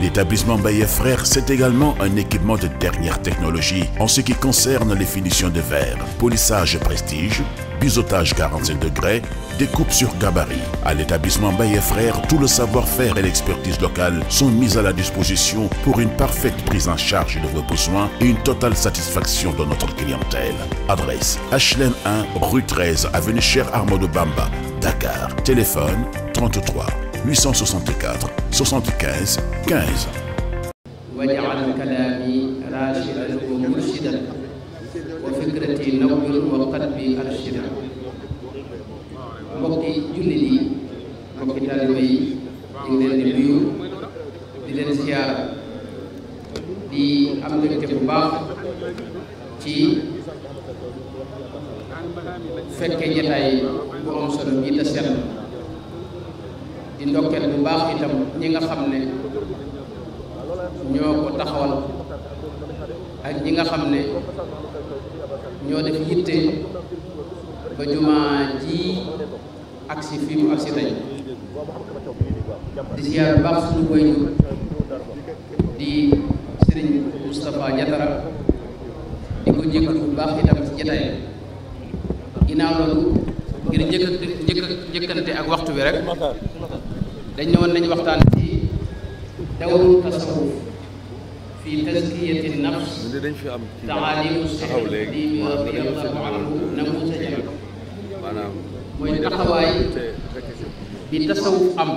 L'établissement Baye Frères, c'est également un équipement de dernière technologie en ce qui concerne les finitions de verre, polissage prestige, biseautage 45 degrés, découpe sur gabarit. À l'établissement Baye Frères, tout le savoir-faire et l'expertise locale sont mis à la disposition pour une parfaite prise en charge de vos besoins et une totale satisfaction de notre clientèle. Adresse HLM 1, rue 13, avenue Cheikh Amadou Bamba, Dakar. Téléphone 864 75 15. waj'al kalaami raashidan wa murshidan wa fikrati nawwir wa qalbi arshida ba jumaa ji ak si fi mu ak si tey di ziar bu baax suñu di sëriñ Moustapha Diatara di ko jégalu bu baax itam ci jotaay ginnaaw loolu ngir njëkk njëkk ak waxtu bi rek dañ ne woon nañ waxtaan ci dawru tasawuf fi tazkiyati nafs taalimu sëriñ di radiyallahu anhu mooy taxawaay bi tasawuf am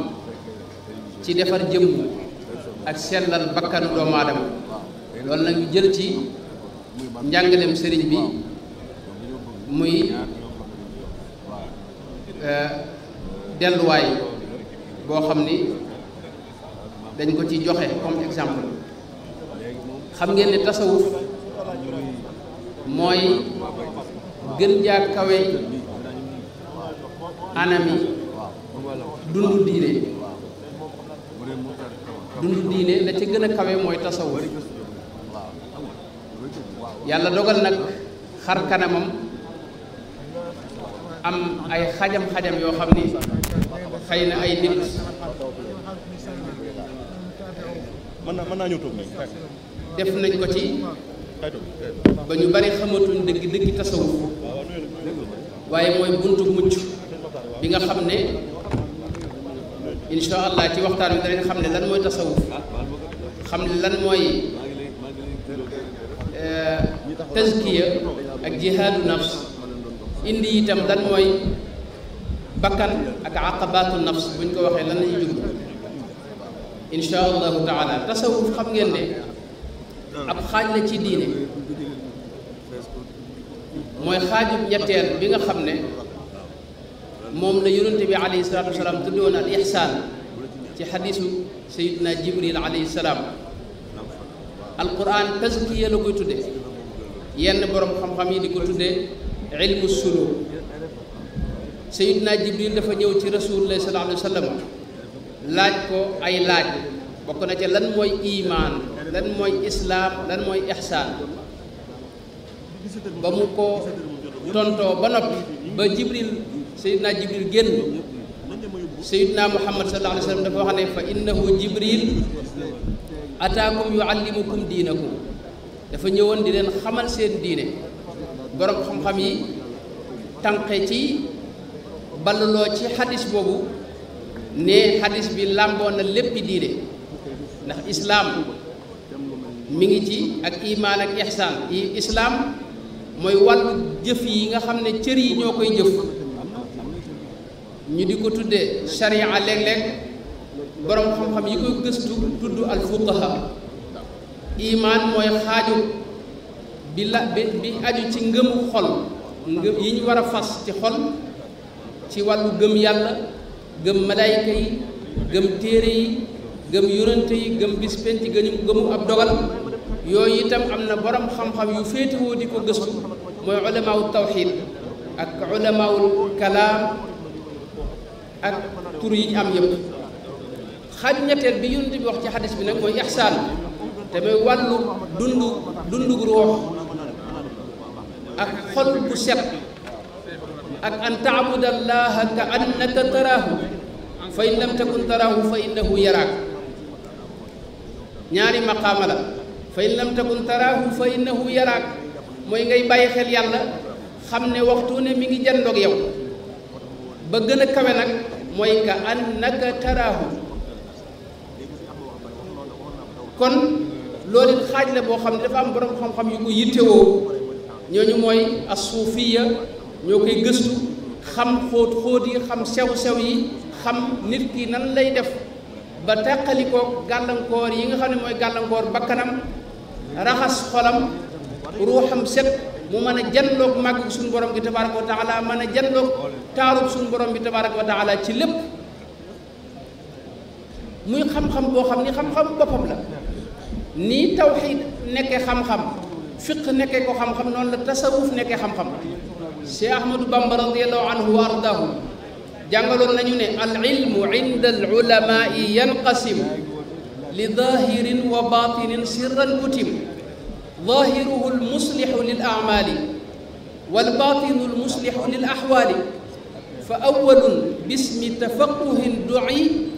ci defar jëmm ak sellal bakkanu doomu aadama loolu ñu jël ci njàngaleem sëriñ bi muy euh, delluwaay boo xam ni dañ ko ci joxe comme exemple xam ngeen ne tasawuf mooy gën jaa kawe anami dundu diine dundu diine la ca gën a kawe mooy tasawuf yàlla dogal nag xar kanamam am ay xajam-xajam yoo xam ni xëy na ay nit mën naa ñëw toog def nañ ko ci ba ñu bari xamatuñ dëgg dëgg tasawuf waaye mooy buntu mucc bi nga xam ne insha allah ci waxtaan wi danañ xam ne lan mooy tasawuf xam ne lan mooy euh, tazkiya ak jihaadu nafs indi itam lan mooy bakkan ak aqabaatu nafs buñ ko waxee lan lañuy jublu insha allahu taala tasawuf xam ngeen ne ab xaaj la ci diine mooy xaajub ñetteel bi nga xam ne moom la yonente bi alayhi salaatu wasalaam tudde woon al ihsaan ci xadiisu sayidna jibril alayhi salaam alquran tazkiya la koy tudde yenn boroom xam-xam yi di ko tudde ilmu suluk sayidna jibril dafa ñëw ci rasulullah salaam alayhi laaj ko ay laaj bokk na ca lan mooy imaan lan mooy islaam lan mooy ihsaan ba mu ko tontoo ba noppi ba jibril Seydina Jibril génn Seydina Muhammad sallallahu alayhi wa sallam dafa wax ne fa innahu Jibril ataakum yuallimukum diinakum dafa ñëwoon di leen xamal seen diine borom xam-xam yi tànqe ci balluloo ci xadis boobu ne xadis bi làmboo na léppi diine ndax islaam mi ngi ci ak imaan ak ihsaan islaam mooy wàllu jëf yi nga xam ne cër yi ñoo koy jëf ñu di ko tuddee charia léeg-léeg borom xam-xam yi koy gëstu tudd al fuqaha imaan mooy xaaju bi la bi bi aju ci ngëm xol ngëm yi ñu war a fas ci xol ci wàllu gëm yàlla gëm malayka yi gëm téere yi gëm yonante yi gëm bispent yi gëmu ab dogal yooyu itam am na boroom xam-xam yu féetewoo di ko gëstu mooy ulamaawu tawxiid ak ulamaawu kalaam ak tur yi ñu am yëpp xaaju ñetteel bi yonent bi wax ci xadis bi nag mooy ixsaan te mooy wàllu dundu dundug ruux ak xol bu set ak an taabudallaha ka annaka taraahu fa in lam takun taraahu fa innahu yaraak ñaari maqaama la fa in lam takun fa innahu yaraak mooy ngay bàyyi xel yàlla xam ne waxtu ne mi ngi jandoog yow ba gën a kawe nag mooy nag annaka taraahu kon loolu it xaaj la boo xam ne dafa am borom xam-xam yu ko yittewoo ñooñu mooy asuufiya ñoo koy gëstu xam xóot xóot yi xam sew-sew yi xam nit kii nan lay def ba tàqalikoo gàllankoor yi nga xam ne mooy gàllankoor bakkanam raxas xolam ruuxam set mu mën a jan janloog màgg suñu borom gi tabaaraka wa laa mën a jan janloog taarub suñu borom bi tabaaraka wa taala ci lépp muy xam-xam boo xam ni xam-xam boppam la nii tawxiid nekkee xam-xam fiq nekkee ko xam-xam noonu la tasawuf nekkee xam-xam Cheikh Ahmadou Bamba radiallahu anhu wa ardaahu jàngaloon nañu ne al ilmu inda al ulamaai yanqasim li zahirin wa batinin sirran kutim zahiruhu al muslihu lil amali wal batinu al muslihu lil ahwali fa awalun bismi tafaquhin duci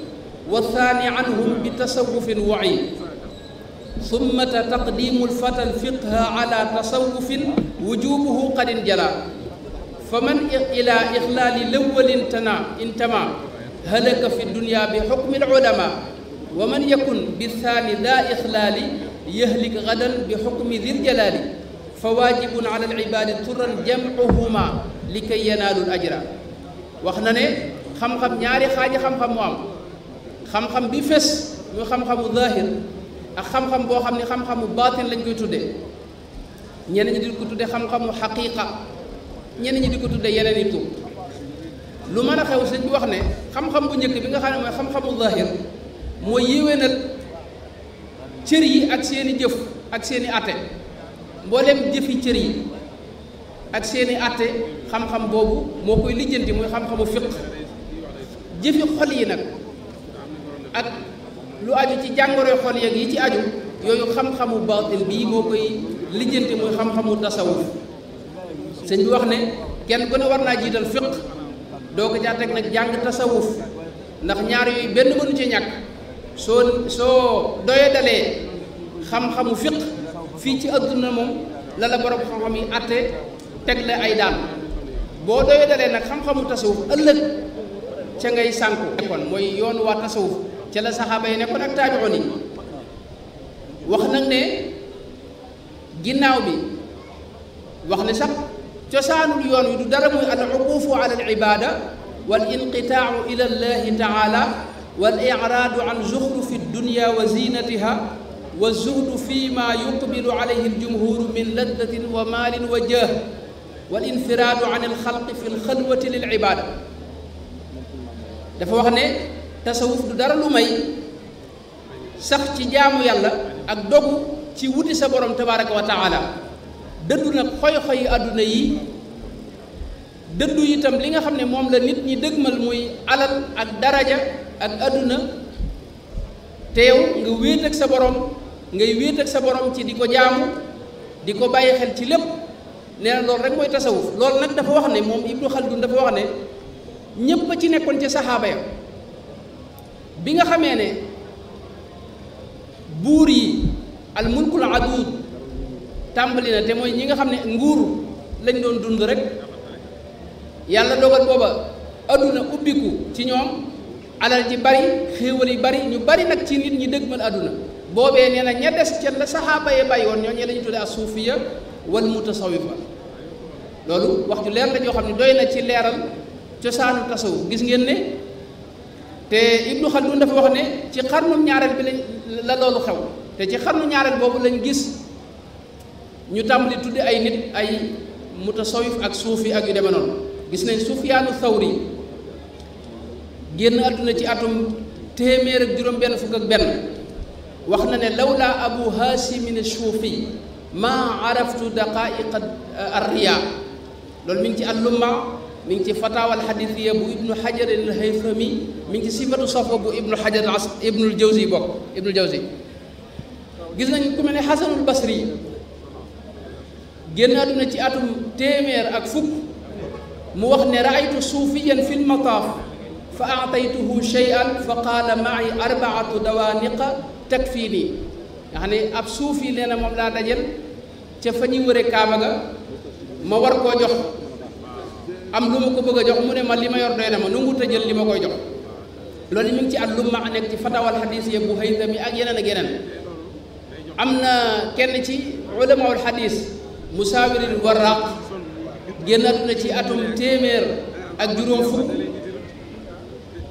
wa thaani anhum bi tasawufin waci summata taqdimu lfata alfiqha ala tasawufin wujubuhu qad injala faman ila ixlaali lawalin tana intama halaka fi dunya bi xukmi alulama wa man yakun bi thaani daa ixlaali yahlik gadan bi xukmi dil jalaali fa waajibun ala alcibaadi turan jamcuhuma likay yanaalu l ajra wax na ne xam-xam ñaari xaaji xam-xam mu am xam-xam bi fés ñu xam-xamu zahir ak xam-xam boo xam ne xam-xamu baatin lañ koy tuddee ñeneen ñu di ko tuddee xam-xamu xaqiiqa ñenn ñi di ko tuddee yeneen i tur lu mën a xew sëñ wax ne xam-xam bu njëkk bi nga xam ne mooy xam-xamu zahir mooy yéwénal cër yi ak seeni jëf ak seeni atte mbooleem jëfi cër yi ak seeni atte xam-xam boobu moo koy lijjanti muy xam-xamu fiq jëfi xol yi nag ak lu aju ci jàngoro xol yeeg yi ci aju yooyu xam-xamu baatin bii moo koy lijjanti muy xam-xamu tasawuf sëñ bi wax ne kenn ku ne war naa jiital fiq doo ko caa nag jàng tasawuf ndax ñaar yooyu benn mënu ci ñàkk soo soo doyadalee xam-xamu fiq fii ci adduna moom lala la borom xam-xam yi àtte teg la ay daan boo doyee dalee nag xam-xamu tasawuf ëllëg ca ngay sànku kon mooy yoon waa tasawuf ca la saxaaba yi nekkoon ak taabi'un yi wax nag ne ginnaaw bi wax ne sax cosaanul yoon wi du dara muy al uqufu ala al ibada wal inqitaau ila allahi taala wal iraadu an zuxrufi dunya wa zinatiha wa zuhdu fi ma yuqbilu alayhi al min laddatin wa maalin wa jah wal infiraadu an al xalqi fi l xalwati lil ibaada ne tasawuf du dara lu may ci jaamu yàlla ak dogu ci wuti sa borom tabaaraka wa taala dëddu àdduna yi dëddu itam li nga xam ne moom la nit ñi dëgg ma muy alal ak daraja ak àdduna te yow nga wéet ak sa borom ngay wéet ak sa borom ci di ko jaamu di ko bàyyi xel ci lépp nee loolu rek mooy tasawuf loolu nag dafa wax ne moom Ibnu dund dafa wax ne ñépp ci nekkoon ci saxaaba ya bi nga xamee ne buur yi al mulkul adud tàmbali na te mooy ñi nga xam ne nguur lañ doon dund rek yàlla dogal booba adduna ubbiku ci ñoom alal ji bari xéewal yi bari ñu bari nag ci nit ñi dëgmal adduna boobee nee na ña des ca la saxaaba ya bàyyi woon ñoo ñee lañu tuddee as suufiya wal mutasawifa loolu wax ju leer la joo xam ne doy na ci leeral cosaanu tasawu gis ngeen ne te Ibnu Xaldun dafa wax ne ci xarnum ñaareel bi la loolu xew te ci xarnu ñaareel boobu lañu gis ñu tàmbali tuddi ay nit ay mutasawif ak suufi ak yu gis nañ Sufyaanu Sawri génn àdduna ci atum téeméer ak juróom-benn fukk ak benn wax na ne lawlaa abu haasimin suufi maa araftu daqaa'iqa arriyaa loolu mi ngi ci allumma mi ngi ci fataawal xadisiya bu ibnu xajar al haythami mi ngi ci sifatu safa bu ibnu xajar as ibnul jawzi bokk gis nañ ku mel ne xasanul basri génn àdduna ci atum téeméer ak fukk mu wax ne raaytu suufiyan fi lmataaf fa aataytuhu cheyan fa qaala maay arbaatu dawaaniqa takfii nii nga xam ab suufi nee moom laa dajel ca fa ñuy wëre kaaba ga ma war koo jox am lu mu ko bëgg a jox mu ne ma li ma yor doy ma nangu ta jël li ma koy jox loolu mi ngi ci at lu ma nekk ci fatawal xadis ya bu xëy mi ak yeneen ak yeneen am na kenn ci ulamaul xadis musaawiril warraq génnat na ci atum téeméer ak juróom fukk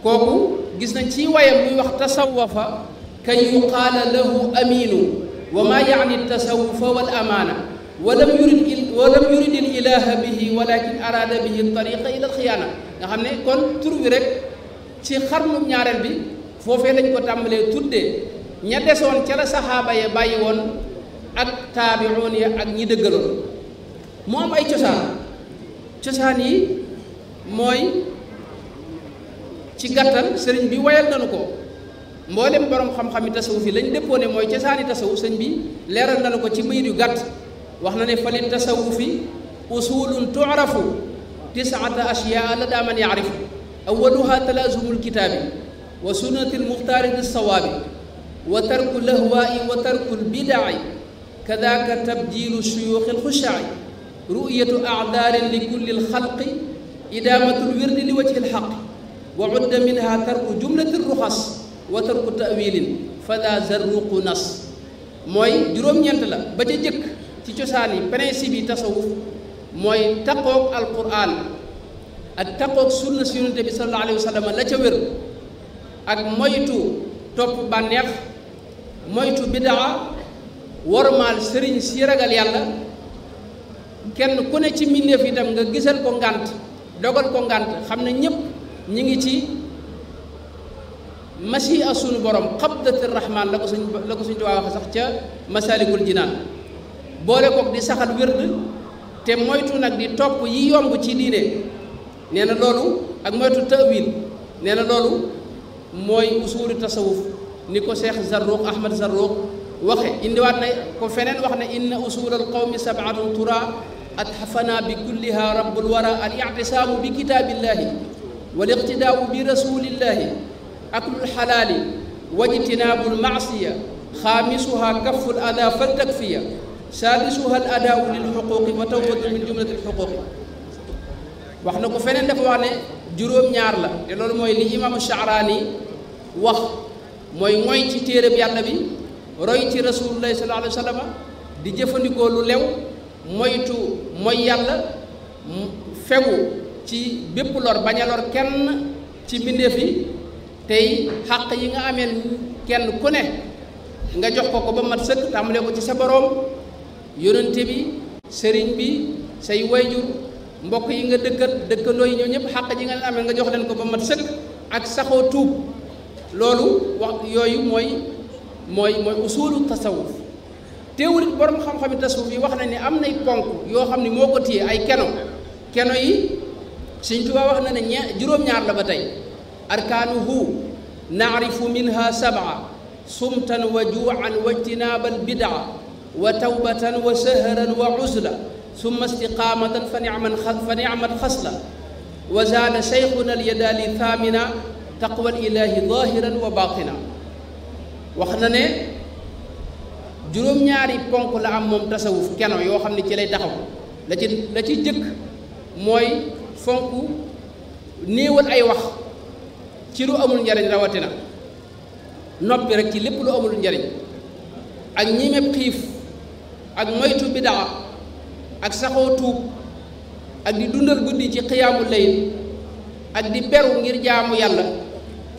kooku gis nañ ci wayam muy wax tasawafa kay yuqaala lahu aminu wa maa yaani tasawufa wal amaana wa lam yurid wa lam yuridil ilaha bihi walakin arada bihi tariqa ila alxiyaana nga xam ne kon tur bi rek ci xarnu ñaareel bi foofee lañ ko tàmbalee tuddee ña desoon ca la saxaaba ya bàyyi woon ak taabiroon ya ak ñi dëggaloon mu am ay cosaan cosaan yi mooy ci gàttal sëriñ bi wayal nañu ko mboolem borom xam-xam yi tasawuf yi lañ dëppoo ne mooy cosaani tasawuf sëriñ bi leeral nañu ko ci bayit yu gàtt wax na ne fa li tasawufi usulun tu'rafu tisata ashyaa la daa man yaarifu awaluha talaasumu lkitaabi wa sunnati lmuxtaari lissawaabi wa tarku lahwaai wa tarku lbidaci kadaaka tabdiilu suyuuxi lxushaci ru'yatu acdaarin li kulli lxalqi idaamatu lwirdi li wajhi lxaqi wa udda minha tarku jumlati ruxas wa tarku tawilin fala zarruqu nas mooy juróom-ñeent la ba ca jëkk ci cosaan yi principe bi tasawuf mooy taqoog alquran ak taqoog sunna si yonente bi sallallahu alayhi la ca wér ak moytu topp bànneex moytu bidaa warmaal sëriñ si ragal yàlla kenn ku ne ci yi dem nga gisal ko ngànt dogal ko ngànt xam ne ñépp ñi ngi ci masi a sunu borom xabdati rahman la ko suñ la ko suñ tuwaa waxe sax ca masalikul jinaan boole kook di saxal wérd te moytu nag di topp yi yomb ci diine nee na loolu ak moytu tawil nee na loolu mooy usuli tasawuf ni ko Cheikh Zarruq Ahmad Zarruq waxe indiwaat na ko feneen wax ne inna usul al qawmi sabatun tura atxafana bi kulliha rabbul wara al ictisaamu bi kitaabillahi wal iqtidaau bi rasulillahi aklul xalaali wajtinaabu lmaasiya xaamisuha kaful ada faltakfiya saadisuha al adaau lil xuquqi wa tawbatu min jumlati wax na ko feneen dafa wax ne juróom-ñaar la te loolu mooy li imaamu Sha'raani wax mooy mooy ci téereb yàlla bi roy ci rasulullahi sallallahu alayhi wa sallam di jëfandikoo lu lew moytu mooy yàlla fegu ci bépp lor bañ a lor kenn ci mbindeef yi tey xàq yi nga amee kenn ku ne nga jox ko ko ba mat sëkk tàmbalee ko ci sa boroom yónnente bi sëriñ bi say wayjur mbokk yi nga dëkkat dëkkandoo yi ñoo ñëpp xàq ji nga leen amee nga jox leen ko ba mat sëkk ak saxoo tuub loolu wax yooyu mooy mooy mooy usulu tasawuf teewul borom xam-xami tasawuf yi wax na ni am nay ponk yoo xam ne moo ko téye ay keno keno yi Sëñ Tuubaa wax na ne ñe juróom-ñaar la ba tey arkaanuhu naarifu minha sab'a sumtan wa juuan wa jtinaabal bidaa wa وتوبة وسهرا وعزلة ثم استقامة فنعم فنعم الخصلة وزاد شيخنا اليدالي ثامنا taqwal ilaahi zaahiran wa baatina wax na ne juróom-ñaari ponk la am moom tasawuf keno yoo xam ne ci lay taxaw la ci la ci jëkk mooy fonk néewal ay wax ci lu amul njariñ rawatina noppi rek ci lépp lu amul njariñ ak ñimeeb xiif ak moytu bidaa ak saxoo tuub ak di dundal guddi ci xiyaamu layl ak di beru ngir jaamu yàlla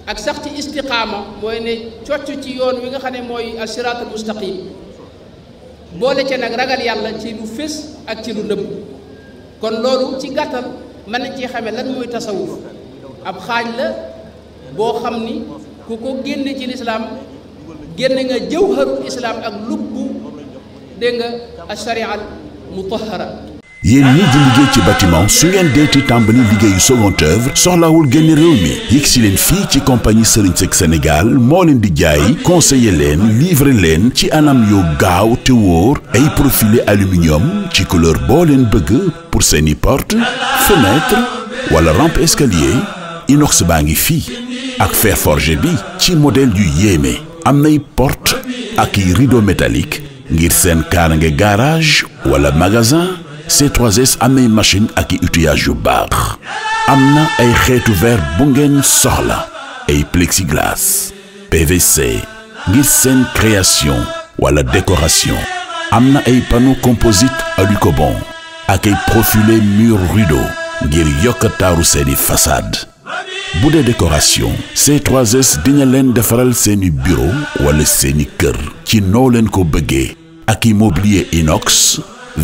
ak sax ci istiqaama mooy ne cocc ci yoon wi nga xam ne mooy asiraatul mustaqim boole ca nag ragal yàlla ci lu fés ak ci lu nëbb kon loolu ci gàttal mën na ci xamee lan mooy tasawuf ab xaaj la boo xam ni ku ko génne ci lislaam génne nga jëwharul islaam ak lubbu dégg nga ash-sharia al yéen ñii di liggéey ci bâtiment su ngeen deeti tàmbali liggéeyu seconde œuvre soxlawul génn réew mi yegg si leen fii ci compagnie Serigne Seck Sénégal moo leen di jaay conseiller leen livrer leen ci anam yoo gaaw te wóor ay profilé aluminium ci couleur boo leen bëgg pour seeni port porte fenêtre wala rampe escalier inox baa ngi fii ak fer forgé bi ci modèle yu yéeme am nay port ak i rideau métallique ngir seen kaarnge garage walla magasin c 3 amee machine ak i outillage yu baax am na ay xeetu ver bu ngeen soxla ay plexiglas PVC ngir seen création wala décoration am na ay panneau composite alucobond ak ay profilé mur rideau ngir yokk taaru seeni façade bu dee décoration C3S dina leen defaral seeni bureau wala seeni kër ci noo leen ko bëggee ak immobilier inox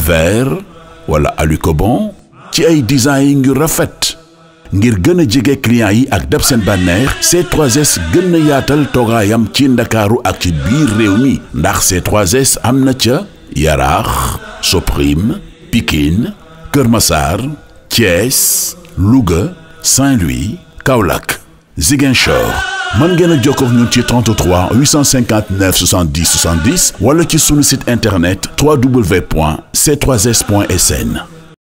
verre wala alucobon ci ay design yu rafet ngir gën a jege client yi ak dab seen bànneex C3S gën a yaatal toogaayam ci ndakaaru ak ci biir réew mi ndax C3S am na ca Yaraax Soprim Pikine Kër Massar Thiès Louga Saint-Louis Kaolack Ziguinchor mën ngeen a jokkoo ak ñun ci 33 859 70 70 wala ci sunu site internet www.c3s.sn